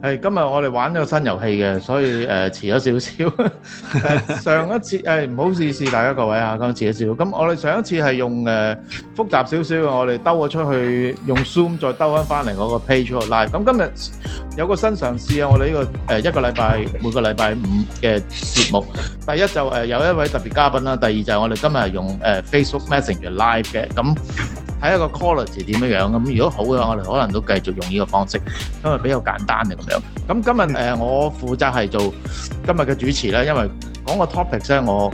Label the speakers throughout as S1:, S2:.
S1: 誒今日我哋玩咗個新遊戲嘅，所以誒遲咗少少。上一次誒唔好意思大家各位啊，咁遲咗少少。咁我哋上一次係用誒複雜少少，我哋兜咗出去用 Zoom 再兜翻翻嚟嗰個 Page Live。咁今日有個新嘗試啊，我哋呢個誒一個禮拜每個禮拜五嘅節目。第一就誒有一位特別嘉賓啦，第二就係我哋今日用誒 Facebook Messenger Live 嘅咁。睇一個 quality 點樣樣咁，如果好嘅話，我哋可能都繼續用這個方式，因為比較簡單嘅咁樣。咁今日、呃、我負責係做今日嘅主持啦，因為講個 topic 咧，我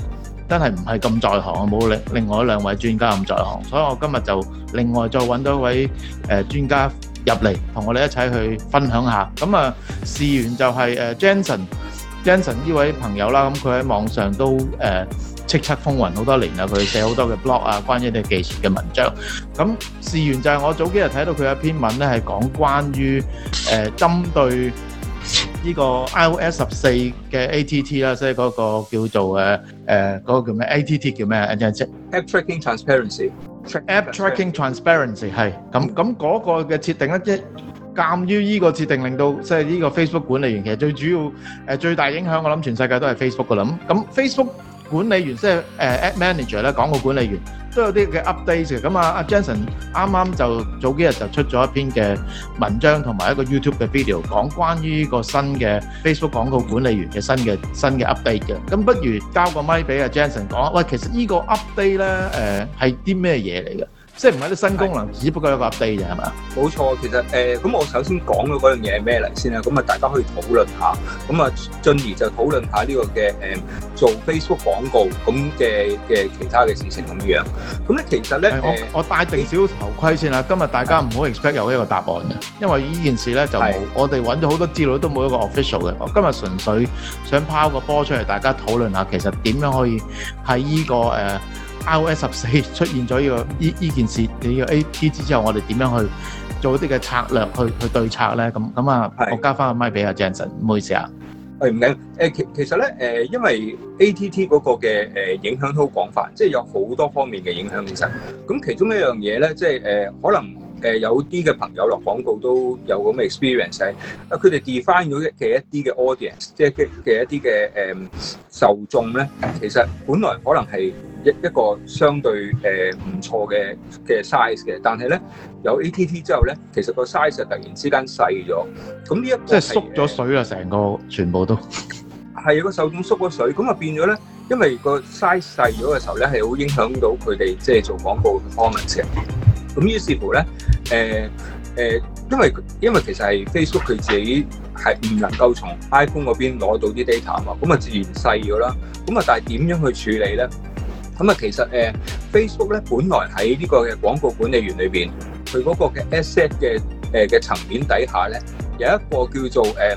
S1: 真係唔係咁在行，冇另另外兩位專家咁在行，所以我今日就另外再揾到一位專、呃、專家入嚟，同我哋一齊去分享一下。咁啊，事緣就係、是呃、Jansen，Jansen 這位朋友啦，咁佢喺網上都、呃叱吒風雲好多年啦，佢寫好多嘅 blog 啊，關於啲技術嘅文章。咁事緣就係我早幾日睇到佢一篇文咧，係講關於誒針對呢個 iOS 十四嘅 ATT 啦，即係嗰個叫做誒誒嗰個叫咩？ATT 叫咩啊？即係即係 App Tracking Transparency。App Tracking Transparency 係咁咁嗰個嘅設定咧，即係鑑於呢個設定令到即係呢個 Facebook 管理員其實最主要誒最大影響，我諗全世界都係 Facebook 噶啦。咁咁 Facebook。管理員，即係誒 Ad Manager 啦，廣告管理員都有啲嘅 update 嘅。咁啊，阿 Jansen 啱啱，就早幾日就出咗一篇嘅文章同埋一個 YouTube 嘅 video，講關於個新嘅 Facebook 廣告管理員嘅新嘅新嘅 update 嘅。咁不如交個麥俾阿 Jansen 講，喂，其實呢個 update 咧，誒係啲咩嘢嚟嘅？即係唔係啲新功能，只不過有個 update 咋係嘛？冇
S2: 錯，其實誒，咁我首先講咗嗰樣嘢係咩嚟先啦，咁啊大家可以討論下，咁啊進而就討論下呢個嘅誒做 Facebook 廣告咁嘅嘅其他嘅事情咁樣。咁咧其實咧，我
S1: 我戴定少少頭盔先啦。今日大家唔好 expect 有一個答案嘅，因為呢件事咧就我哋揾咗好多資料都冇一個 official 嘅。我今日純粹想拋個波出嚟，大家討論下，其實點樣可以喺呢個誒。iOS 十四出現咗呢個呢，呢件事，呢個 ATT 之後，我哋點樣去做一啲嘅策略去去對策咧？咁，咁啊，我交翻個咪俾阿
S2: Jansen，唔好意思啊。誒唔緊，誒其其實咧誒，因為 ATT 嗰個嘅誒影響好廣泛，即係有好多方面嘅影響其實。咁其中一樣嘢咧，即係誒可能。誒有啲嘅朋友落廣告都有咁嘅 experience，啊佢哋 define 咗一嘅一啲嘅 audience，即係嘅嘅一啲嘅誒受眾咧，其實本來可能係一一個相對誒唔錯嘅嘅 size 嘅，但係咧有 ATT 之後咧，其實個 size 突然之間細咗，咁呢一個即係縮
S3: 咗
S1: 水啦，成個全部都
S2: 係有個受眾縮咗水，咁啊變咗咧。因為個 size 細咗嘅時候咧，係好影響到佢哋即係做廣告嘅 performance。咁於是乎咧，誒誒，因為因為其實係 Facebook 佢自己係唔能夠從 iPhone 嗰邊攞到啲 data 啊嘛，咁啊自然細咗啦。咁啊，但係點樣去處理咧？咁啊，其實誒 Facebook 咧，本來喺呢個嘅廣告管理員裏邊，佢嗰個嘅 asset 嘅誒嘅層面底下咧，有一個叫做誒。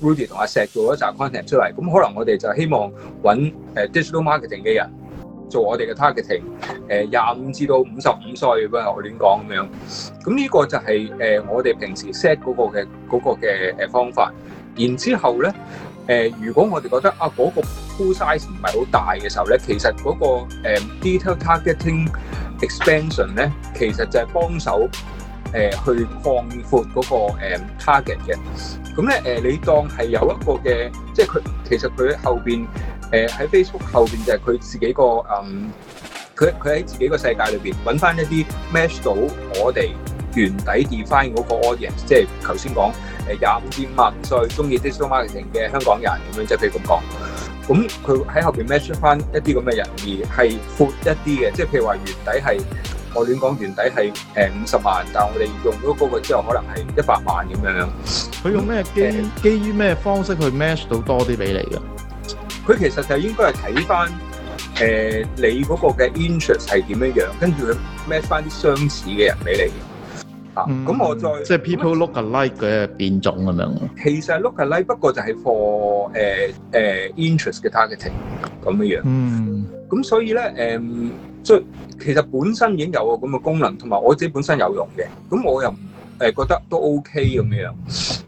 S2: Rudy 同阿石做咗一集 content 出嚟，咁可能我哋就希望揾誒 digital marketing 嘅人做我哋嘅 targeting，誒廿五至到五十五歲，唔係我亂講咁樣。咁呢個就係誒我哋平時 set 嗰個嘅嗰個嘅誒方法。然之後咧，誒如果我哋覺得啊嗰個 pool size 唔係好大嘅時候咧，其實嗰個誒 detail targeting expansion 咧，其實就係幫手。誒去擴闊嗰個誒 target 嘅，咁咧誒你當係有一個嘅，即係佢其實佢後邊誒喺 Facebook 後邊就係佢自己個嗯，佢佢喺自己個世界裏邊揾翻一啲 match 到我哋原底 define 嗰個 audience，即係頭先講誒廿五至萬歲鍾意 digital marketing 嘅香港人咁樣，即係譬如咁講，咁佢喺後邊 match 翻一啲咁嘅人而係闊一啲嘅，即係譬如話原底係。我亂講，原底係誒五十萬，但係我哋用咗嗰個之後，可能係一百萬咁樣。
S1: 佢用咩基？基於咩、嗯、方式去 match 到多啲俾你嘅？
S2: 佢其實就應該係睇翻誒你嗰個嘅 interest 係點樣樣，跟住佢 match 翻啲相似嘅人俾你。啊，咁、嗯、我再即係
S1: people look alike 嘅變種咁樣。
S2: 其實 look alike 不過就係 for 誒、uh, 誒、uh, interest 嘅 targeting 咁樣樣
S1: 嗯。嗯。
S2: 咁所以咧誒。所以其實本身已經有個咁嘅功能，同埋我自己本身有用嘅，咁我又誒覺得都 OK 咁樣。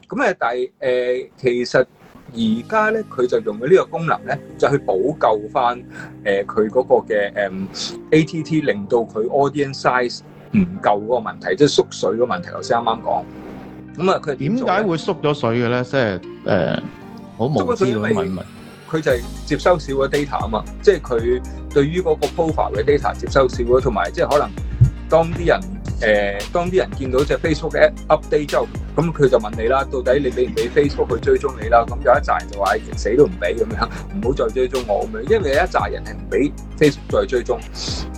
S2: 咁誒，但係誒其實而家咧，佢就用咗呢個功能咧，就去補救翻誒佢嗰個嘅誒 ATT，令到佢 Audience Size 唔夠嗰個問題，即係縮水嗰問題，頭先啱啱講。咁啊，佢點解會
S1: 縮咗水嘅咧？即係誒好無知咁樣問問。
S2: 佢就係接，接收少嘅 data 啊嘛，即係佢對於嗰個 profile 嘅 data 接收少咗，同埋即係可能當啲人誒、欸，當啲人見到隻 Facebook 嘅 app update 之後，咁佢就問你啦，到底你俾唔俾 Facebook 去追蹤你啦？咁有一紮就話：死都唔俾咁樣，唔好再追蹤我咁樣。因為有一紮人係唔俾 Facebook 再追蹤，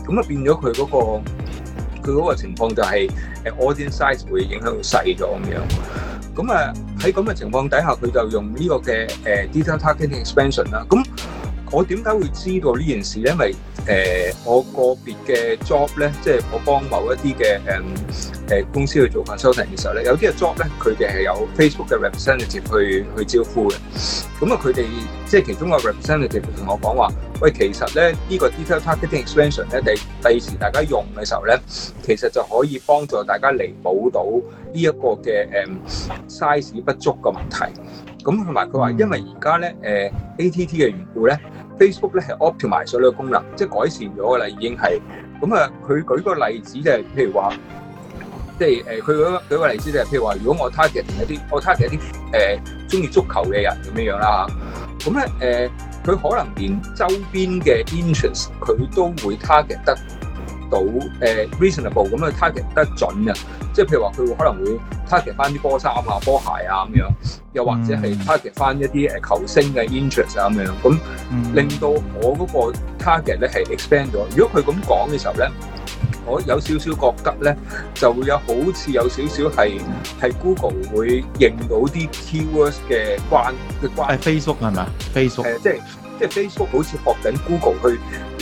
S2: 咁啊變咗佢嗰個佢嗰個情況就係誒 audience size 會影響佢細咗咁樣。咁啊，喺咁嘅情況底下，佢就用呢個嘅誒 detailed targeting expansion 啦。咁我點解會知道呢件事呢？因為誒我個別嘅 job 咧，即係我幫某一啲嘅公司去做份 searching 嘅時候咧，有啲嘅 job 咧，佢哋係有 Facebook 嘅 representative 去去招呼嘅。咁啊，佢哋即係其中個 representative 同我講話。喂，其實咧呢、這個 detail targeting expansion 咧，你第時大家用嘅時候咧，其實就可以幫助大家彌補到呢一個嘅誒 size 不足嘅問題。咁同埋佢話，因為而家咧誒 ATT 嘅緣故咧，Facebook 咧係 optimize 埋咗呢個功能，即係改善咗嘅啦，已經係。咁啊，佢舉個例子就係、是，譬如話，即係誒，佢嗰個舉個例子就係、是，譬如話，如果我 target 同一啲我 target 一啲誒中意足球嘅人咁樣樣啦嚇，咁咧誒。佢可能連周邊嘅 interest 佢都會 target 得到誒、呃、reasonable 咁樣 target 得準啊！即係譬如話佢會可能會 target 翻啲波衫啊、波鞋啊咁樣，又或者係 target 翻一啲誒球星嘅 interests 啊咁樣，咁、嗯、令到我嗰個 target 咧係 expand 咗。如果佢咁講嘅時候咧，我有少少覺得咧就會有好似有少少係係 Google 會認到啲 keywords 嘅關嘅關係 book，Facebook 係咪 Facebook 誒即係。即係 Facebook 好似學緊 Google 去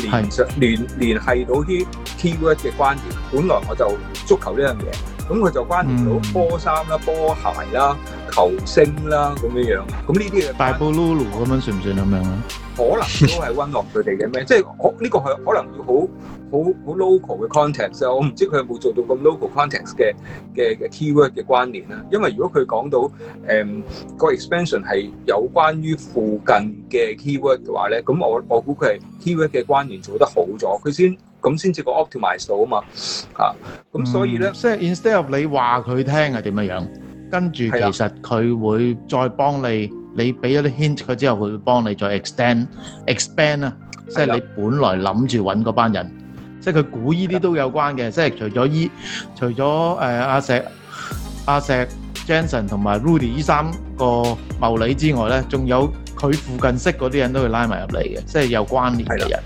S2: 聯上連是連係到啲 keyword 嘅關聯，本來我就足球呢樣嘢，咁佢就關聯到波衫啦、嗯、波鞋啦。球星啦，咁樣樣，咁呢啲嘅大波 lulu 咁樣算唔算兩名啊？可能都係温落佢哋嘅名，即係我呢個係可能要好好好 local 嘅 context 啊！我唔知佢有冇做到咁 local context 嘅嘅嘅 keyword 嘅關聯啦。因為如果佢講到誒個 expansion 係有關於附近嘅 keyword 嘅話咧，咁我我估佢係 keyword 嘅關聯做得好咗，佢先咁先至個 optimise 到啊嘛。嚇，
S1: 咁所以咧，即係 instead of 你話佢聽係點樣樣？跟住其實佢會再幫你，是的你俾咗啲 hint 佢之後，佢會幫你再 extend 的、expand 啊！即係你本來諗住揾嗰班人，的即係佢估依啲都有關嘅。的即係除咗依、除咗誒阿石、阿石、啊、阿石 Jansen 同埋 Rudy 依三個茂利之外咧，仲有佢附近識嗰啲人都會拉埋入嚟嘅，即係有關聯嘅人。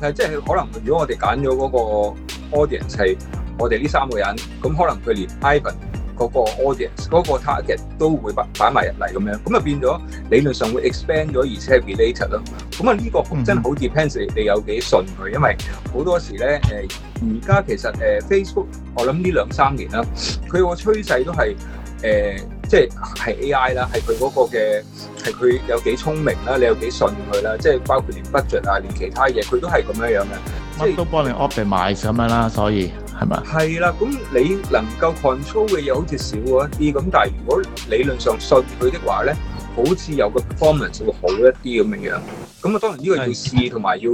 S1: 誒，即係可能如
S2: 果我哋揀咗嗰個 audience 係我哋呢三個人，咁可能佢連 Ivan，嗰個 audience，嗰個 target 都會擺擺埋入嚟咁樣，咁啊變咗理論上會 expand 咗，而且 related 咯。咁啊呢個真係好 depends 你有幾信佢，因為好多時咧誒，而家其實誒 Facebook，我諗呢兩三年啦，佢個趨勢都係誒、呃，即係係 AI 啦，係佢嗰個嘅，係佢有幾聰明啦，你有幾信佢啦，即係包括連 budget 啊，連其他嘢，佢都係咁樣樣嘅，
S1: 乜都幫你 optimize 咁樣啦，所以。
S2: 係咪？係啦，咁你能夠 control 嘅嘢好似少咗一啲，咁但係如果理論上信佢的話咧，好似有個 performance 會好一啲咁嘅樣。咁啊，當然呢個要試，同埋要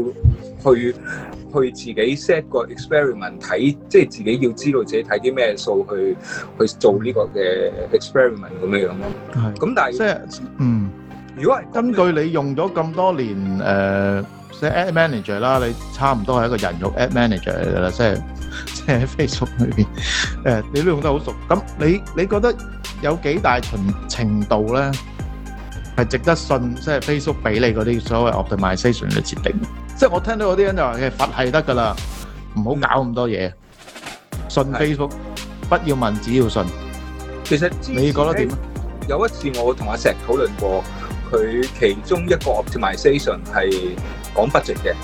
S2: 去去自己 set 個 experiment 睇，即係自己要知道自己睇啲咩數去去做呢個嘅 experiment 咁嘅樣咯。
S1: 係。咁但係即係嗯，如果係根據你用咗咁多年誒，即係 ad manager 啦，你差唔多係一個人肉 ad manager 嚟噶啦，即係。喺 Facebook 裏邊，誒，你都用得好熟。咁你你覺得有幾大程程度咧，係值得信？即係 Facebook 俾你嗰啲所謂 optimization 嘅設定。即係我聽到有啲人就話嘅，佛系得噶啦，唔好搞咁多嘢，信 Facebook，不要問，只要信。其實你覺得點？
S2: 有一次我同阿石討論過，佢其中一個 optimization 係講 budget 嘅。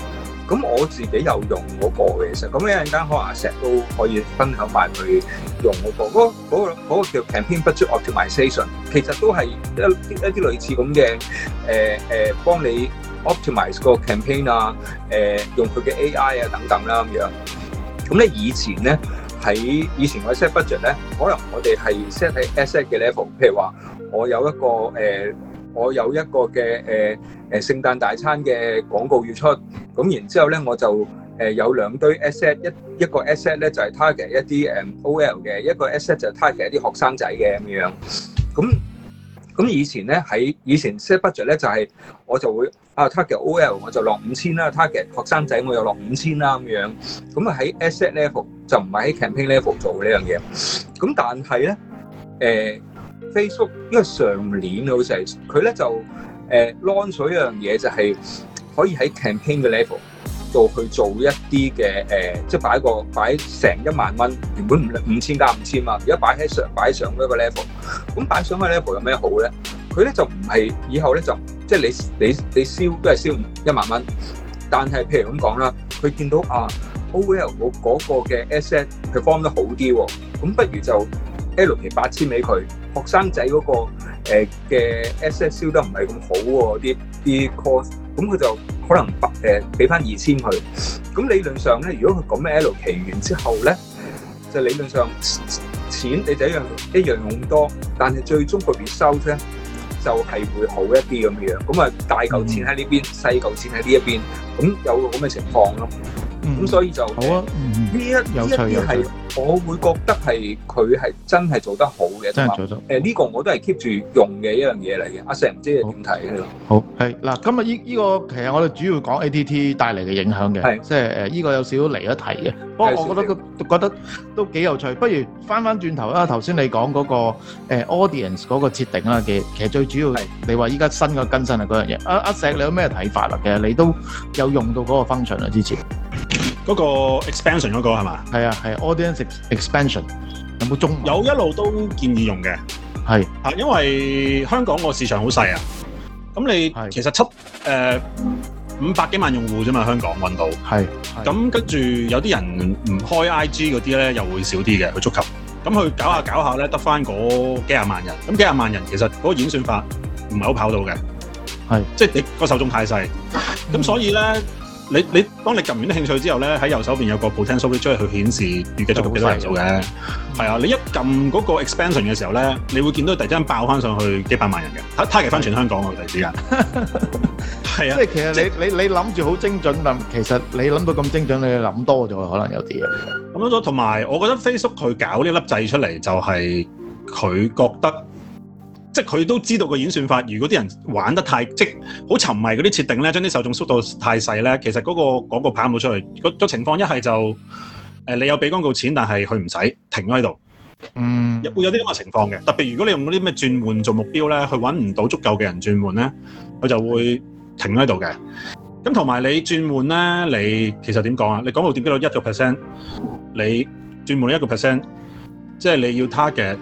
S2: 咁我自己有用嗰個嘅石，咁一陣間可能阿石都可以分享埋去用嗰個，嗰個嗰個叫 Campaign Budget Optimization，其實都係一啲一啲類似咁嘅、欸，幫你 optimize 個 campaign 啊，欸、用佢嘅 AI 啊等等啦咁樣。咁咧以前咧喺以前我 set budget 咧，可能我哋係 set 喺 ad set 嘅 level，譬如話我有一個、欸我有一個嘅誒誒聖誕大餐嘅廣告要出，咁然之後咧我就誒有兩堆 ad set，一一個 ad set 咧就係 target 一啲誒 OL 嘅，一個 ad set 就 target 一啲學生仔嘅咁樣。咁咁以前咧喺以前 set budget 咧就係我就會啊，target OL 我就落五千啦，target 學生仔我又落五千啦咁樣。咁啊，喺 ad set level 就唔係喺 campaign level 做呢樣嘢。咁但係咧誒。Facebook 因為上年好似係佢咧就誒 launch 咗一樣嘢，就係可以喺 campaign 嘅 level 度去做一啲嘅誒，即、呃、係、就是、擺個擺成一萬蚊，原本五千加五千嘛，而家擺喺上擺上，一個 level，擺上嗰個 level。咁擺上嘅 level 有咩好咧？佢咧就唔係以後咧就即係、就是、你你你燒都係燒一萬蚊，但係譬如咁講啦，佢見到啊 OL 嗰、那個嘅 asset 佢 form 得好啲喎，咁不如就 L P 八千俾佢。學生仔嗰、那個嘅 S S 燒得唔係咁好喎、啊，啲啲 course，咁佢就可能百誒俾翻二千佢。咁、欸、理論上咧，如果佢講咩 L 期完之後咧，就理論上錢你就一樣一樣用多，但係最終個 result 咧就係、是、會好一啲咁嘅樣。咁啊大嚿錢喺呢邊，嗯、細嚿錢喺呢一邊，咁有個咁嘅情況咯。咁所以就好啊！呢一呢一啲係，我會覺得係佢係真係做得好嘅，真係做得好。誒，呢個我都係 keep 住用嘅一樣嘢嚟嘅。阿石唔知你點睇
S1: 啊？好係嗱，今日依依個其實我哋主要講 ATT 帶嚟嘅影響嘅，係即係誒依個有少少離咗題嘅。不過我覺得覺得都幾有趣，不如翻翻轉頭啦。頭先你講嗰個誒 Audience 嗰個設定啦，其其實最主要係你話依家新嘅更新係嗰樣嘢。阿阿石你有咩睇法啊？其實你都有用到嗰個 function 啊之前。嗰個 expansion 嗰個係咪？係啊，係
S3: audience expansion 有冇中？有一路都建議用嘅，係啊，因為香港個市場好細啊，咁你其實七誒五百幾萬用戶啫嘛，香港搵到係，咁跟住有啲人唔開 IG 嗰啲咧，又會少啲嘅去觸及，咁去搞下搞下咧，得返嗰幾廿萬人，咁幾廿萬人其實嗰個演算法唔係好跑到嘅，係，即係你個受眾太細，咁所以咧。你你當你撳完啲興趣之後咧，喺右手邊有個 potentialreach 去顯示預計仲有幾多人做嘅，係啊，你一撳嗰個 expansion 嘅時候咧，你會見到佢突然間爆翻上去幾百萬人嘅，嚇 target 翻全香港喎，突然之間，係啊，即係其實你你你諗住好精準咁，其實你諗到咁精準，你諗多咗可能有啲嘢。咁多同埋，我覺得 Facebook 佢搞呢粒掣出嚟，就係佢覺得。即係佢都知道個演算法，如果啲人玩得太即好沉迷嗰啲設定咧，將啲受眾縮到太細咧，其實嗰個廣告牌冇出去。嗰、嗰個情況一係就、呃、你有俾廣告錢，但係佢唔使停喺度。嗯，會有啲咁嘅情況嘅。特別如果你用嗰啲咩轉換做目標咧，去揾唔到足夠嘅人轉換咧，佢就會停喺度嘅。咁同埋你轉換咧，你其實點講啊？你廣告點擊率一個 percent，你轉換一個 percent，即係你要 target。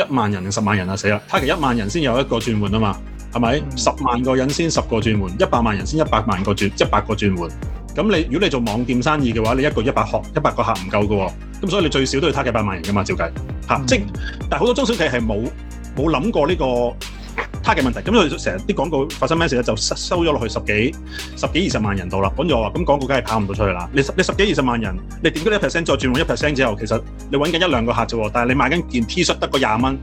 S3: 一萬人定十萬人啊死啦！target 一萬人先有一個轉換啊嘛，係咪？十萬個人先十個轉換，一百萬人先一百萬個轉一百個轉換。咁你如果你做網店生意嘅話，你一個一百客一百個客唔夠嘅喎、哦，咁所以你最少都要 target 幾百萬人噶嘛，照計嚇。啊嗯、即但係好多中小企係冇冇諗過呢、這個。target 問題，咁佢成日啲廣告發生咩事呢？就收咗落去十幾十幾二十萬人度啦。本來我話，咁廣告梗係跑唔到出去啦。你十幾幾二十萬人，你點解一 percent 再轉換一 percent 之後，其實你揾緊一兩個客啫喎。但係你賣緊件 t 恤得個廿蚊，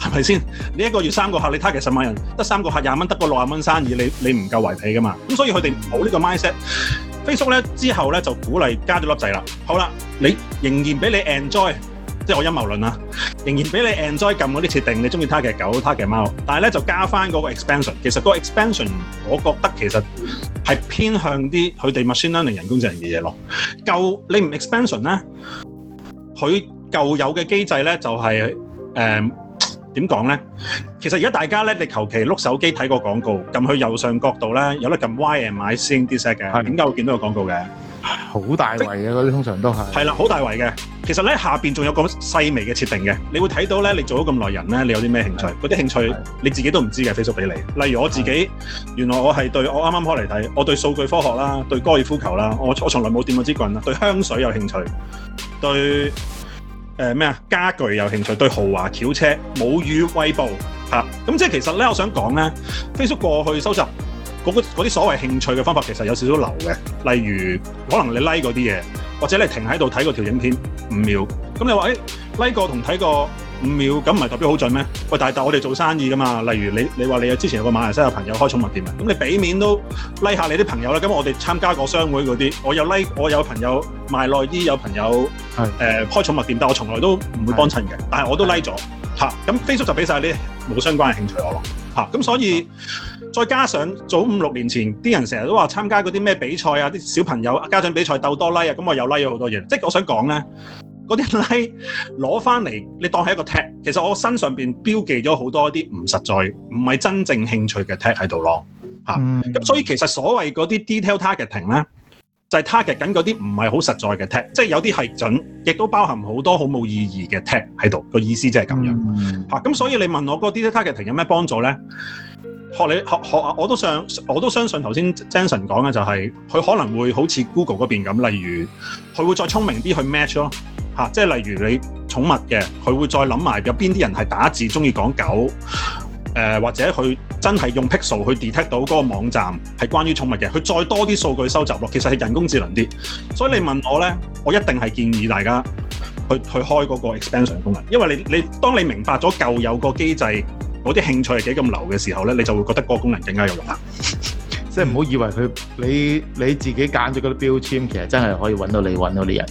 S3: 係咪先？你一個月三個客，你 target 十萬人得三個客廿蚊，得個六十蚊生意，你你唔夠維係㗎嘛？咁所以佢哋冇呢個 mindset。啊，Facebook 呢之後呢，就鼓勵加咗粒掣啦。好啦，你仍然俾你 enjoy。即係我陰謀論啦，仍然俾你 enjoy 撳嗰啲設定，你中意 target 狗、target 貓，但係咧就加翻嗰個 expansion。其實嗰個 expansion，我覺得其實係偏向啲佢哋 machine learning 人工智能嘅嘢咯。舊你唔 expansion 咧，佢舊有嘅機制咧就係誒，點講咧？其實而家大家咧，你求其碌手機睇個廣告，撳去右上角度咧，有得撳 Why am I seeing this 嘅，點解會見到個廣告嘅？好大圍嘅嗰啲通常都係係啦，好、就是、大圍嘅。其實咧下邊仲有咁細微嘅設定嘅，你會睇到咧，你做咗咁耐人咧，你有啲咩興趣？嗰啲的興趣的你自己都唔知嘅。Facebook 俾你，例如我自己，的原來我係對我啱啱開嚟睇，我對數據科學啦，對高爾夫球啦，我我從來冇掂過支棍啦，對香水有興趣，對誒咩啊家具有興趣，對豪華轎車、母語威、威暴吓，咁即係其實咧，我想講咧，Facebook 過去收集。嗰啲所謂興趣嘅方法其實有少少流嘅，例如可能你 like 嗰啲嘢，或者你停喺度睇個條影片五秒，咁你話誒 like 過同睇過五秒，咁唔係代表好準咩？喂，但係但我哋做生意噶嘛，例如你你話你有之前有個馬來西亞朋友開寵物店嘅，咁你俾面都 l、like、下你啲朋友啦，咁我哋參加過商會嗰啲，我有 l、like，我有朋友賣內衣，有朋友係誒的、呃、開寵物店，但我從來都唔會幫襯嘅，的但係我都 like 咗嚇，咁的 Facebook 就俾晒你冇相關嘅興趣我咯嚇，咁所以。再加上早五六年前，啲人成日都話參加嗰啲咩比賽啊，啲小朋友家長比賽鬥多拉、like、啊，咁我又 like 咗好多嘢。即係我想講咧，嗰啲 like 攞翻嚟，你當係一個 tag。其實我身上面標記咗好多啲唔實在、唔係真正興趣嘅 tag 喺度咯。嚇咁、嗯啊，所以其實所謂嗰啲 detail targeting 咧，就係 target 緊嗰啲唔係好實在嘅 tag，即係有啲係準，亦都包含好多好冇意義嘅 tag 喺度。個意思即係咁樣嚇。咁、嗯啊、所以你問我個 detail targeting 有咩幫助咧？學你學我都相我都相信頭先 Jansen 講嘅就係、是，佢可能會好似 Google 嗰邊咁，例如佢會再聰明啲去 match 咯、吓，即係例如你寵物嘅，佢會再諗埋有邊啲人係打字中意講狗、呃，或者佢真係用 Pixel 去 detect 到嗰個網站係關於寵物嘅，佢再多啲數據收集落，其實係人工智能啲。所以你問我咧，我一定係建議大家去去開嗰個 Expansion 功能，因為你你當你明白咗舊有個機制。我啲興趣係幾咁流嘅時候咧，你就會覺得個功能更加有用啦。
S1: 即係唔好以為佢你你自己揀咗嗰啲標籤，其實真係可以揾到你揾到啲人。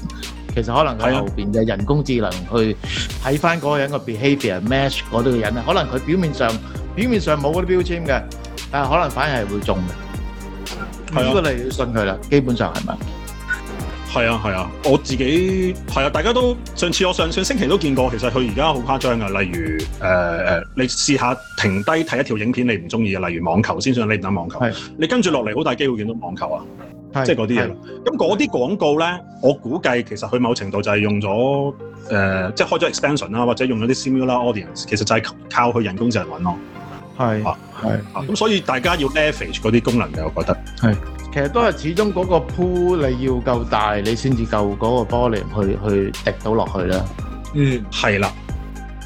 S1: 其實可能喺後邊嘅人工智能去睇翻嗰個人嘅 behaviour match 嗰啲人咧，可能佢表面上表面上冇嗰啲標籤嘅，但係可能反而係會中嘅。
S3: 如果你要信佢啦，基本上係咪？係啊，係啊，我自己係啊，大家都上次我上上星期都見過，其實佢而家好誇張嘅。例如誒誒、呃，你試下停低睇一條影片，你唔中意嘅，例如網球，先算你唔打網球，是你跟住落嚟好大機會見到網球啊，即係嗰啲嘢。咁嗰啲廣告咧，是我估計其實佢某程度就係用咗誒，即係是、呃就是，開咗 expansion 啦，或者用咗啲 similar audience，其實就係靠佢人工智能揾咯。係，係，咁所以大家要 leverage 嗰啲功能嘅，我覺得係。其
S1: 實都係始終嗰個鋪你要夠大，你先至夠嗰個玻璃去去滴到
S3: 落去啦。嗯，係啦。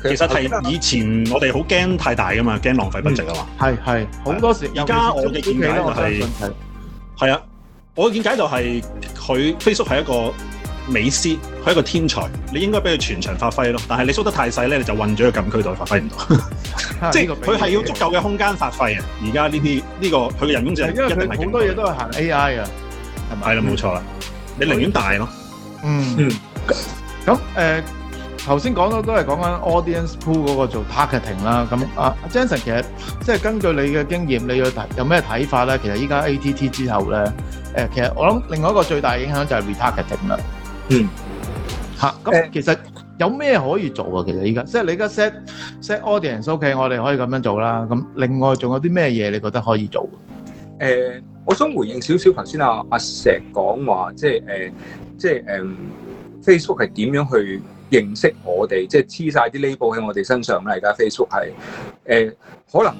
S2: 其實係
S3: 以前我哋好驚太大噶嘛，驚浪費不值啊嘛。係係、嗯，好多時有剛剛。而家，啊，我嘅見解就係、是，係啊，我嘅見解就係佢 Facebook 係一個。美斯佢係一個天才，你應該俾佢全場發揮咯。但係你縮得太細咧，你就混咗佢禁區度發揮唔到，
S1: 啊、 即係佢係要足
S3: 夠嘅空間發揮嘅。而家呢啲呢個佢嘅人工智能，因為佢好多嘢都係行 AI 啊，係咪？係啦，冇錯啦，你寧願大咯。嗯，
S1: 咁誒頭先講到都係講緊 audience pool 嗰個做 targeting 啦。咁啊 Jansen 其實即係根據你嘅經驗，你有睇有咩睇法咧？其實依家 ATT 之後咧，誒、呃、其實我諗另外一個最大影響就係 retargeting 啦。吓咁，嗯、其實有咩可以做啊？其實依家即係你而家 set set audience，OK，我哋可以咁樣做啦。咁另外仲有啲咩嘢你覺得可以做？
S2: 誒、呃，我想回應少少頭先阿阿石講話，即係誒、呃，即係誒、呃，Facebook 係點樣去認識我哋？即係黐晒啲 label 喺我哋身上啦。而家 Facebook 係誒，可能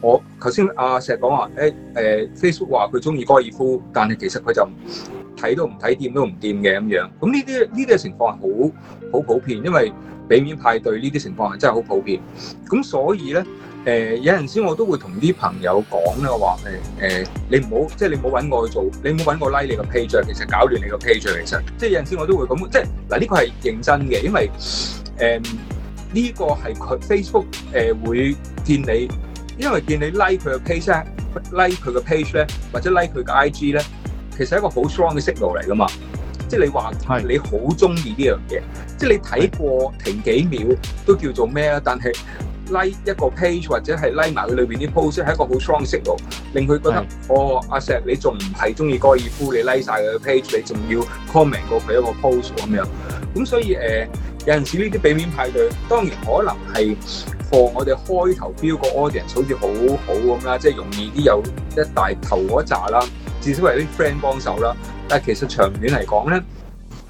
S2: 我頭先阿石講話，誒、欸、誒、呃，Facebook 話佢中意高爾夫，但係其實佢就。睇都唔睇，掂都唔掂嘅咁樣，咁呢啲呢啲嘅情況係好好普遍，因為俾面派對呢啲情況係真係好普遍。咁所以咧，誒、呃、有陣時我都會同啲朋友講咧，話誒誒，你唔好即係你唔好搵我去做，你唔好搵我 like 你個 page，其實搞亂你個 page 其實，即係有陣時我都會咁，即係嗱呢個係認真嘅，因為誒呢、呃這個係佢 Facebook 誒會見你，因為見你 like 佢個 page，like 佢個 page 咧、like，或者 like 佢個 IG 咧。其實係一個好 strong 嘅 signal 嚟噶嘛說說是的，即係你話你好中意呢樣嘢，即係你睇過停幾秒都叫做咩啊？但係拉、like、一個 page 或者係拉埋佢裏邊啲 post，係一個好 strong signal，令佢覺得是的 哦，阿石你仲唔係中意高爾夫？你拉晒佢嘅 page，你仲要 comment 過佢一個 post 咁樣。咁所以誒、呃，有陣時呢啲俾面派對，當然可能係放我哋開頭標個 audience 好似好好咁啦，即、就、係、是、容易啲有一大頭嗰扎啦。至少係啲 friend 幫手啦，但係其實長遠嚟講咧，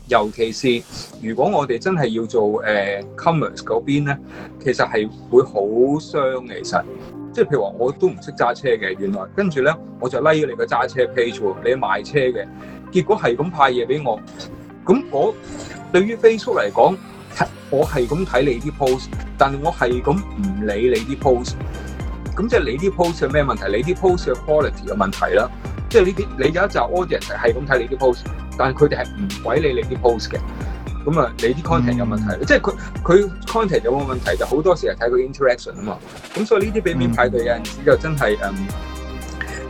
S2: 尤其是如果我哋真係要做誒 commerce 嗰邊咧，其實係會好傷。其實即係譬如話，我都唔識揸車嘅，原來跟住咧我就 like 你個揸車 page，你賣車嘅，結果係咁派嘢俾我，咁我對於 Facebook 嚟講，我係咁睇你啲 post，但係我係咁唔理你啲 post。咁即係你啲 post 有咩問題？你啲 post 嘅 quality 嘅問題啦，即係呢啲你有一集 audience 係咁睇你啲 post，但係佢哋係唔鬼理你啲 post 嘅，咁啊你啲 content 有問題，嗯、即係佢佢 content 有冇問題？就好多時係睇佢 interaction 啊嘛，咁所以呢啲俾面派對有陣、嗯、時就真係嗯。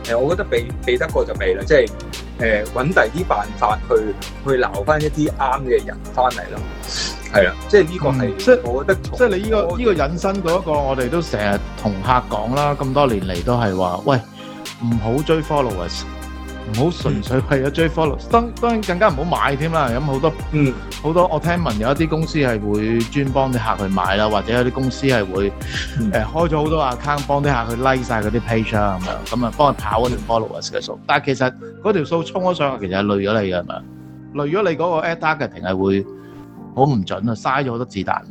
S2: 誒，我覺得避避得過就避啦，即係誒揾第二啲辦法去去撈翻一啲啱嘅人翻嚟咯，
S1: 係啊，即係呢個係、嗯，即係我覺得、嗯，即係你呢個呢個引申嗰個，這個、個我哋都成日同客講啦，咁多年嚟都係話，喂，唔好追 followers。唔好純粹為咗追 follow，當、嗯、當然更加唔好買添啦。咁好多好、嗯、多，我聽聞有一啲公司係會專幫啲客去買啦，或者有啲公司係會誒、嗯呃、開咗好多 account 幫啲客去 like 曬嗰啲 page 啊，咁樣咁啊幫佢跑嗰條 followers 嘅數。嗯、但係其實嗰條數衝咗上去，其實係累咗你嘅，係咪？累咗你嗰個 ad targeting 係會好唔準
S2: 啊，嘥咗好多子彈。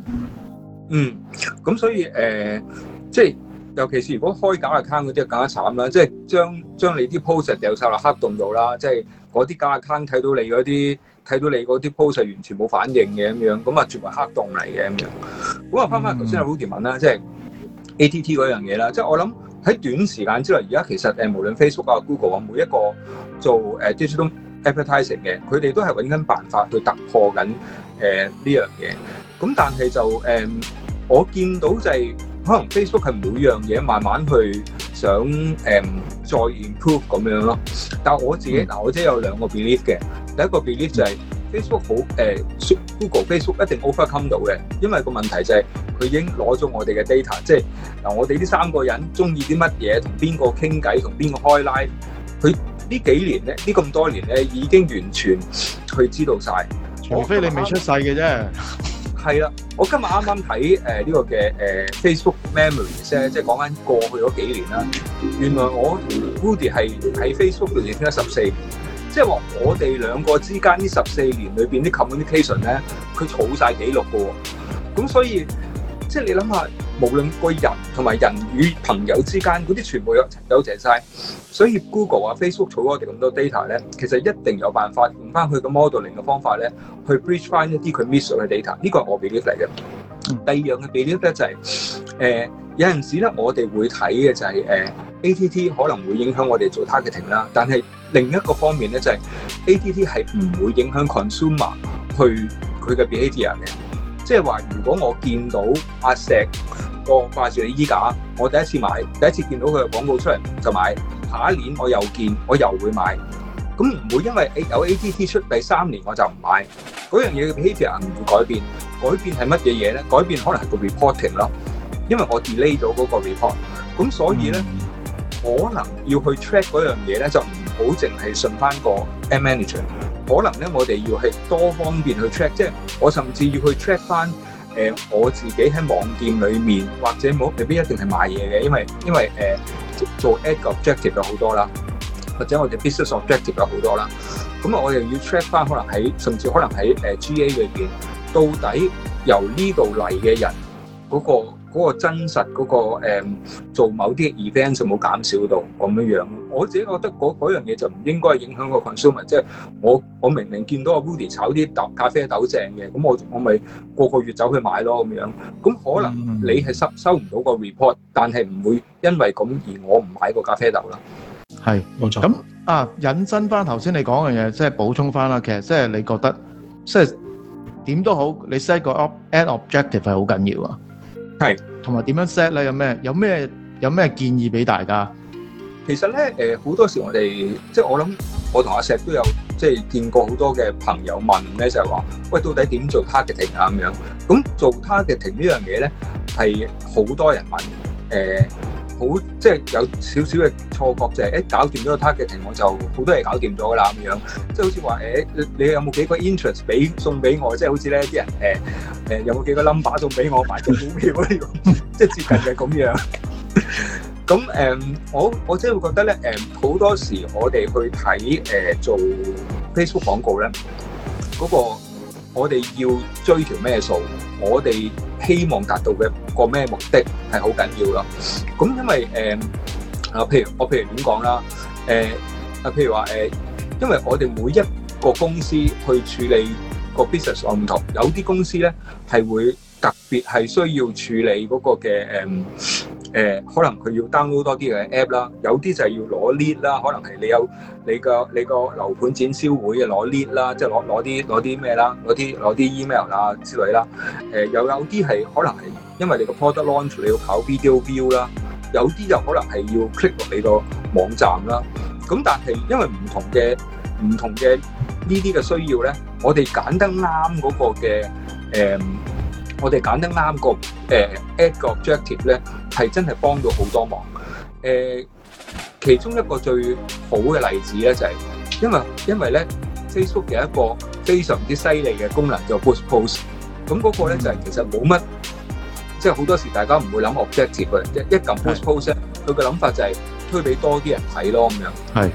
S2: 嗯，咁所以誒、呃，即係。尤其是如果開假 account 嗰啲就更加慘啦，即係將將你啲 post 掉晒落黑洞度啦，即係嗰啲假 account 睇到你嗰啲睇到你嗰啲 post 係完全冇反應嘅咁樣，咁啊，全部黑洞嚟嘅咁樣。咁啊，翻返頭先阿 Rudy 問啦，即係 ATT 嗰樣嘢啦，即係我諗喺短時間之內，而家其實誒無論 Facebook 啊、Google 啊，每一個做誒 digital advertising 嘅，佢哋都係揾緊辦法去突破緊誒呢樣嘢。咁但係就誒、呃，我見到就係、是。可能 Facebook 係每樣嘢慢慢去想誒再 improve 咁樣咯。但係我自己嗱，我即係有兩個 belief 嘅。第一個 belief 就係 Facebook 好誒，Google Facebook 一定 overcome 到嘅，因為個問題就係佢已經攞咗我哋嘅 data，即係嗱，我哋呢三個人中意啲乜嘢，同邊個傾偈，同邊個開 live，佢呢幾年咧，呢咁多年咧，已經完全佢知道曬，除非你未出世嘅啫。係啦，我今日啱啱睇誒呢個嘅誒 Facebook Memories 咧，即係講緊過去嗰幾年啦。原來我同 Rudy 係喺 Facebook 度影咗十四年。即係話我哋兩個之間呢十四年裏邊啲 communication 咧，佢儲晒記錄嘅喎，咁所以。即係你諗下，無論個人同埋人與朋友之間，嗰啲全部有有借晒，所以 Google 啊、Facebook 儲我哋咁多 data 咧，其實一定有辦法用翻佢嘅 modeling 嘅方法咧，去 bridge find 一啲佢 miss 咗嘅 data。呢個係我 believe 嚟嘅。嗯、第二樣嘅 believe 咧就係、是，誒、呃，有陣時咧我哋會睇嘅就係、是，誒、呃、ATT 可能會影響我哋做 targeting 啦，但係另一個方面咧就係、是、ATT 係唔會影響 consumer 去佢嘅 behavior 嘅。即係話，如果我見到阿石個掛住你衣架，我第一次買，第一次見到佢嘅廣告出嚟就買。下一年我又見，我又會買。咁唔會因為 A 有 ATT 出第三年我就唔買。嗰樣嘢嘅 behavior 唔會改變。改變係乜嘢嘢咧？改變可能係個 reporting 咯，因為我 delay 咗嗰個 report。咁所以咧，嗯、可能要去 track 嗰樣嘢咧，就唔好淨係信翻個 manager。可能咧，我哋要係多方面去 check，即係我甚至要去 check 翻誒我自己喺網店裏面，或者冇未必一定係賣嘢嘅，因為因為誒、呃、做 ad 嘅 objective 有好多啦，或者我哋 business objective 有好多啦，咁啊我哋要 check 翻可能喺甚至可能喺誒 GA 裏面，到底由呢度嚟嘅人嗰、那個。嗰個真實嗰個誒做某啲 event 就冇減少到咁樣樣，我自己覺得嗰嗰樣嘢就唔應該影響個 consumer，即係我我明明見到阿 Rudy 炒啲豆咖啡豆正嘅，咁我我咪個個月走去買咯咁樣，咁可能你係收收唔到個 report，但係唔會因為咁而我唔買個咖啡豆啦。
S1: 係冇錯。咁啊，引申翻頭先你講嘅嘢，即係補充翻啦。其實即係你覺得，即係點都好，你 set 個 ad objective 係好緊要啊。係，同埋點樣 set 咧？有咩？有咩？有咩建議俾大家？
S2: 其實咧，誒、呃，好多時我哋即係我諗，我同阿石都有即係見過好多嘅朋友問咧，就係話，喂，到底點做 targeting 啊？咁樣，咁做 targeting 呢樣嘢咧，係好多人問誒。呃好，即係有少少嘅錯覺，就係誒搞掂咗個 target 我就好多嘢搞掂咗啦咁樣，即係好似話誒，你有冇幾個 interest 俾送俾我？即係好似咧啲人誒誒、欸欸、有冇幾個 number 送俾我買咗股票呢？即係接近嘅咁樣。咁誒我我真係會覺得咧，誒好多時我哋去睇誒、呃、做 Facebook 廣告咧嗰、那個。我哋要追條咩數？我哋希望達到嘅個咩目的係好緊要咯。咁因為誒啊，譬如我譬如點講啦？誒啊，譬如話誒，因為我哋每一個公司去處理個 business 案唔同，有啲公司咧係會特別係需要處理嗰個嘅誒。誒可能佢要 download 多啲嘅 app 啦，有啲就係要攞 lead 啦，可能係你有你個你個樓盤展銷會嘅攞 lead 啦，le ad，即係攞攞啲攞啲咩啦，攞啲攞啲 email 啦之類啦、呃。有有啲係可能係因為你個 product launch 你要跑 video view 啦，有啲就可能係要 click 落你個網站啦。咁但係因為唔同嘅唔同嘅呢啲嘅需要咧，我哋揀得啱嗰個嘅誒我哋揀得啱個誒 ad 個 objective 咧，係真係幫到好多忙。誒，其中一個最好嘅例子咧，就係因為因為咧 Facebook 有一個非常之犀利嘅功能叫 post post。咁嗰個咧就係其實冇乜，即係好多時大家唔會諗 objective 嘅，一一撳 post post，佢嘅諗法就係推俾多啲人睇咯咁樣。係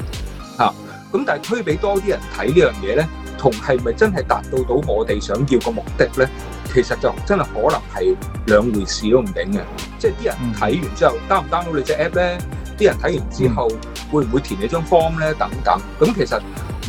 S2: 吓，咁但係推俾多啲人睇呢樣嘢咧，同係咪真係達到到我哋想要嘅目的咧？其實就真係可能係兩回事都唔定嘅，即係啲人睇完之後 down 唔 down 到你隻 app 咧？啲人睇完之後、嗯、會唔會填你張 form 咧？等等，咁其實誒、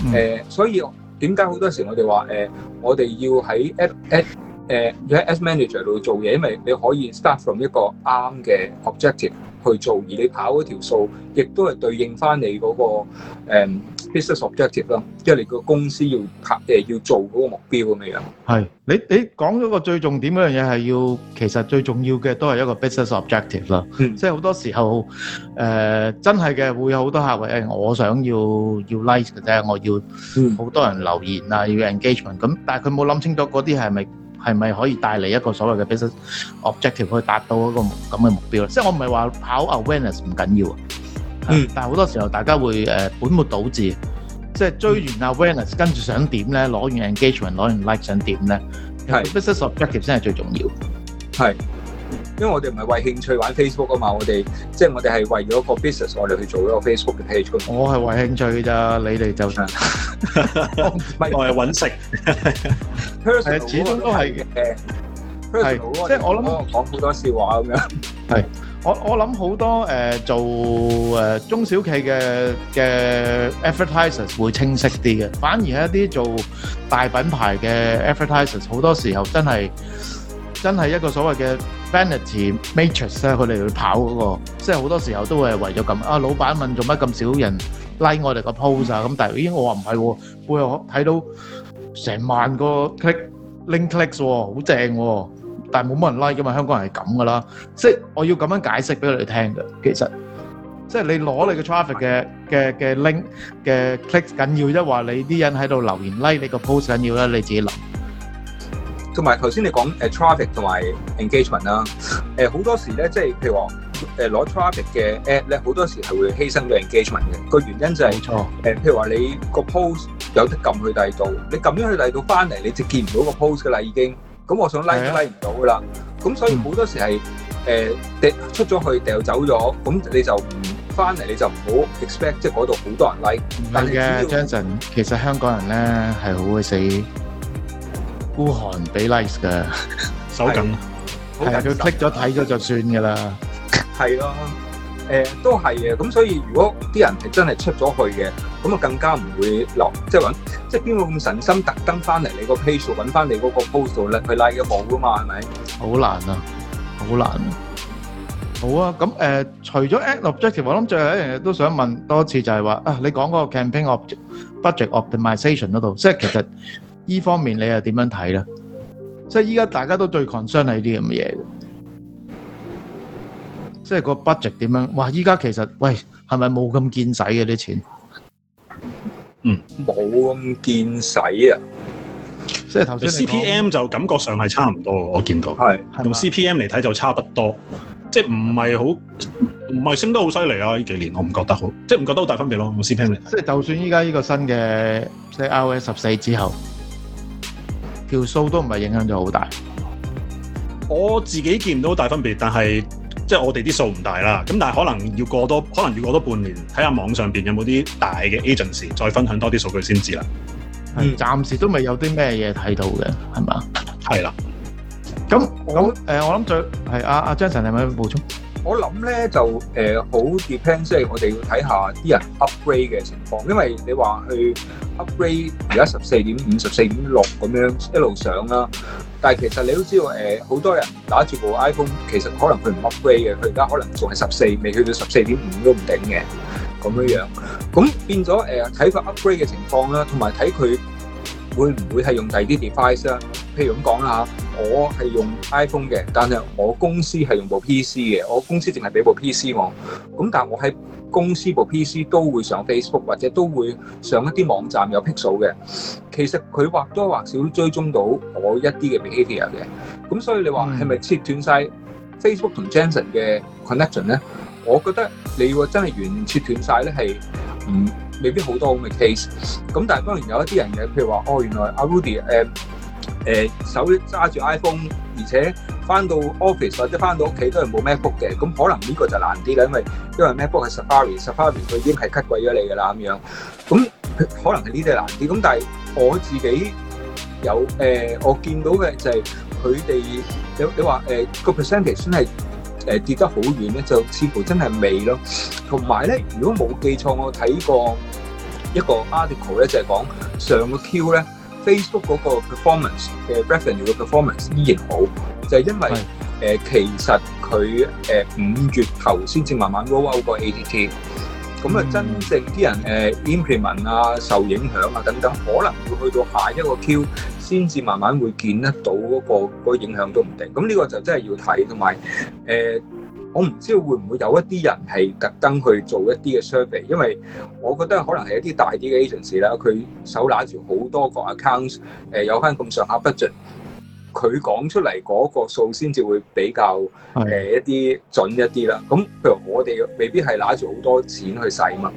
S2: 嗯呃，所以點解好多時我哋話誒，我哋要喺 app app 喺 app manager 度做嘢，因為你可以 start from 一個啱嘅 objective 去做，而你跑嗰條數，亦都係對應翻你嗰、嗰個、呃 business objective 咯，即係你個公司要拍誒要做嗰個目標咁嘅樣。係你你講咗個
S1: 最重點嗰樣嘢係要，其實最重要嘅都係一個 business objective 啦。嗯，即係好多時候誒，真係嘅會有好多客戶誒，我想要要 likes 嘅啫，我要好多人留言啊，要 engagement 咁，但係佢冇諗清楚嗰啲係咪係咪可以帶嚟一個所謂嘅 business objective 去達到一個咁嘅目標。即係我唔係話跑 awareness 唔緊要。嗯，但係好多時候大家會誒本末倒置，即係追完 awareness，跟住想點咧？攞完 Engagement，攞完 Like 想點咧？Business Objective 先係最重要。
S2: 係，因為我哋唔係為興趣玩 Facebook 啊嘛，我哋即係我哋係為咗個 business，我哋去做一個 Facebook 嘅 page。我
S1: 係為興趣㗎咋，你哋就真，
S2: 我係揾食。Personal，始終都係嘅。係，即係我諗講好多笑話咁樣。係。我我諗好多
S1: 誒做誒中小企嘅嘅 advertisers 會清晰啲嘅，反而係一啲做大品牌嘅 advertisers，好多時候真係真係一個所謂嘅 vanity metrics 咧，佢哋去跑嗰個，即係好多時候都係為咗咁啊！老闆問做乜咁少人 like 我哋個 post 啊，咁但係咦我話唔係喎，我睇到成萬個 click link clicks 喎，好正喎！但係冇乜人 like 嘅嘛，香港人係咁嘅啦，即係我要咁樣解釋俾你哋聽嘅。其實，即係你攞你嘅 traffic 嘅嘅嘅 link 嘅 click 緊要，即話你啲人喺度留言 like 你個 post 緊要啦，你自己諗。
S2: 同埋頭先你講誒 traffic 同埋 engagement 啦，誒好多時咧，即係譬如話誒攞 traffic 嘅 ad 咧，好多時係會犧牲咗 engagement 嘅。個原因就係，誒譬如話你個 post 有得撳去第二度，你撳咗去第二度翻嚟，你就見唔到個 post 嘅啦，已經。咁我想拉都拉唔到噶啦，咁所以好多時係誒掉出咗去掉走咗，咁你就唔翻嚟你就唔好 expect 即係嗰度好多人 like。唔係嘅
S1: ，Jansen，其實香港人咧係好會死孤寒俾 likes 嘅，
S2: 手緊係佢剔咗
S1: 睇咗就算噶啦。
S2: 係咯，誒都係嘅，咁所以如果啲人係真係出咗去嘅。咁啊，更加唔會落，即係揾，即係邊個咁神心，特登翻嚟你個 page 度揾翻嚟嗰個 post 咧，佢拉嘅網噶嘛，係咪？
S1: 好難啊！好難啊！好啊！咁誒，除咗 act objective，我諗最後一樣嘢都想問多次，就係話啊，你講嗰個 campaign object budget optimization 嗰度，即係其實依方面你又點樣睇咧？即係依家大家都最 concern 係啲咁嘅嘢嘅，即係個 budget 點樣？哇！依家其實喂，係咪冇咁見使嘅啲錢？
S2: 嗯，冇咁見使啊，即係頭先 C P M 就感覺上係差唔
S3: 多，我見到係是用 C P M 嚟睇，就差不多，嗎即係唔係好唔係升得好犀利啊！呢幾年我唔覺得好，即係唔覺得好大分別咯，用 C P M 嚟。
S1: 即係就算依家呢個新嘅，即
S3: 係 iOS 十四之後，
S1: 條數都唔係影響咗好大。
S3: 我自己見唔到好大分別，但係。即係我哋啲數唔大啦，咁但係可能要過多，可能要過多半年睇下網上邊有冇啲大嘅 agents 再分享多啲數據先知啦。嗯，暫時都未有啲咩嘢睇到嘅，係嘛？係啦。
S1: 咁，咁誒，我諗最係阿阿 Jansen 係咪要補充？
S2: 我諗咧就、呃、好 depend，即係我哋要睇下啲人 upgrade 嘅情況，因為你話去 upgrade 而家十四點五十四點六咁樣一路上啦。但係其實你都知道、呃、好多人打住部 iPhone，其實可能佢唔 upgrade 嘅，佢而家可能仲係十四，未去到十四點五都唔頂嘅咁樣樣。咁變咗、呃、睇佢 upgrade 嘅情況啦，同埋睇佢。會唔會係用第啲 device 咧？譬如咁講啦，我係用 iPhone 嘅，但係我公司係用部 PC 嘅。我公司淨係俾部 PC 的，但我，咁但係我喺公司部 PC 都會上 Facebook 或者都會上一啲網站有 Pixel 嘅。其實佢或多或少都追蹤到我一啲嘅 behavior 嘅。咁所以你話係咪切斷晒 Facebook 同 Jansen 嘅 connection 咧？我覺得你真係完全切斷晒咧係唔～未必好多咁嘅 case，咁但係當然有一啲人嘅，譬如話哦，原來阿 Rudy 誒誒手揸住 iPhone，而且翻到 office 或者翻到屋企都係冇 MacBook 嘅，咁可能呢個就難啲啦，因為因為 MacBook 係 Safari，Safari 佢已經係 cut 鬼咗你噶啦咁樣，咁可能係呢啲難啲，咁但係我自己有誒，我見到嘅就係佢哋你你話誒個 percentage 先係。誒跌得好遠咧，就似乎真係未咯。同埋咧，如果冇記錯，我睇過一個 article 咧，就係講上個 Q 咧，Facebook 嗰個 performance 嘅 Revenue 嘅 performance 依然好，就係因為誒其實佢誒五月頭先至慢慢 roll out 個 ATT，咁啊真正啲人誒 implement 啊受影響啊等等，可能會去到下一個 Q。先至慢慢會見得到嗰個嗰個影響都唔定，咁呢個就真係要睇，同埋誒，我唔知道會唔會有一啲人係特登去做一啲嘅 survey，因為我覺得可能係一啲大啲嘅 agency 啦，佢手拿住好多個 account，誒、呃、有翻咁上下 budget，佢講出嚟嗰個數先至會比較誒的、呃、一啲準一啲啦。咁譬如我哋未必係拿住好多錢去使啊嘛，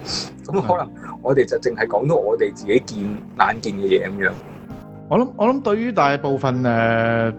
S2: 咁可能我哋就淨係講到我哋自己見眼見嘅嘢咁樣。
S1: 我諗我諗對於大部分、呃、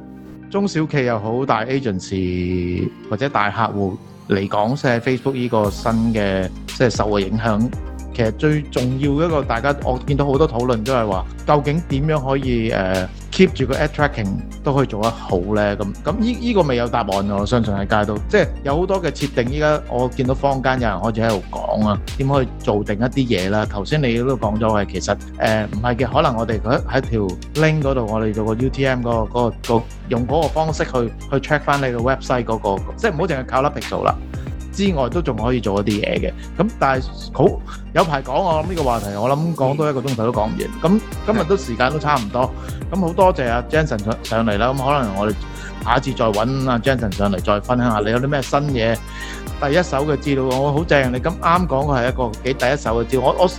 S1: 中小企又好大 agency 或者大客戶嚟講，即係、就是、Facebook 呢個新嘅即係受嘅影響，其實最重要嘅一個大家我見到好多討論都係話，究竟點樣可以呃 keep 住個 at tracking 都可以做得好咧，咁咁依依個未有答案喎，我相信喺街度，即係有好多嘅設定。依家我見到坊間有人開始喺度講啊，點去做定一啲嘢啦。頭先你都講咗係其實誒唔係嘅，可能我哋喺喺條 link 嗰度，我哋做個 UTM 嗰個嗰個用嗰個方式去去 check 翻你個 website 嗰個，即係唔好淨係靠 lapic 做啦。之外都仲可以做一啲嘢嘅，咁但係好有排講我諗呢個話題，我諗講多一個鐘頭都講唔完。咁今日都時間都差唔多，咁好多謝阿 Jansen 上上嚟啦。咁可能我哋下一次再揾阿 Jansen 上嚟再分享下你有啲咩新嘢第一手嘅資料，我好正。你咁啱講嘅係一個幾第一手嘅資料。我我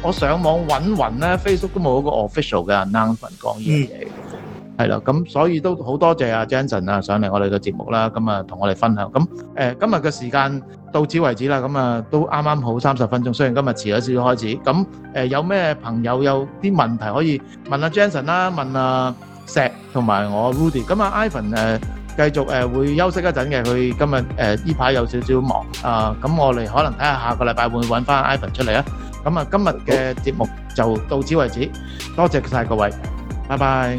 S1: 我上網揾一揾咧，Facebook 都冇一個 official 嘅 announcement 講呢樣嘢。係啦，咁所以都好多謝阿 Jansen 啊上嚟我哋嘅節目啦，咁啊同我哋分享咁誒。今日嘅時間到此為止啦，咁啊都啱啱好三十分鐘，雖然今日遲咗少少開始。咁誒有咩朋友有啲問題可以問阿 Jansen 啦，問阿石同埋我 Rudy。咁阿 Ivan 誒繼續誒會休息一陣嘅，佢今日誒呢排有少少忙啊。咁我哋可能睇下下個禮拜會唔會搵返 Ivan 出嚟啊。咁啊，今日嘅節目就到此為止，多謝晒各位，拜拜。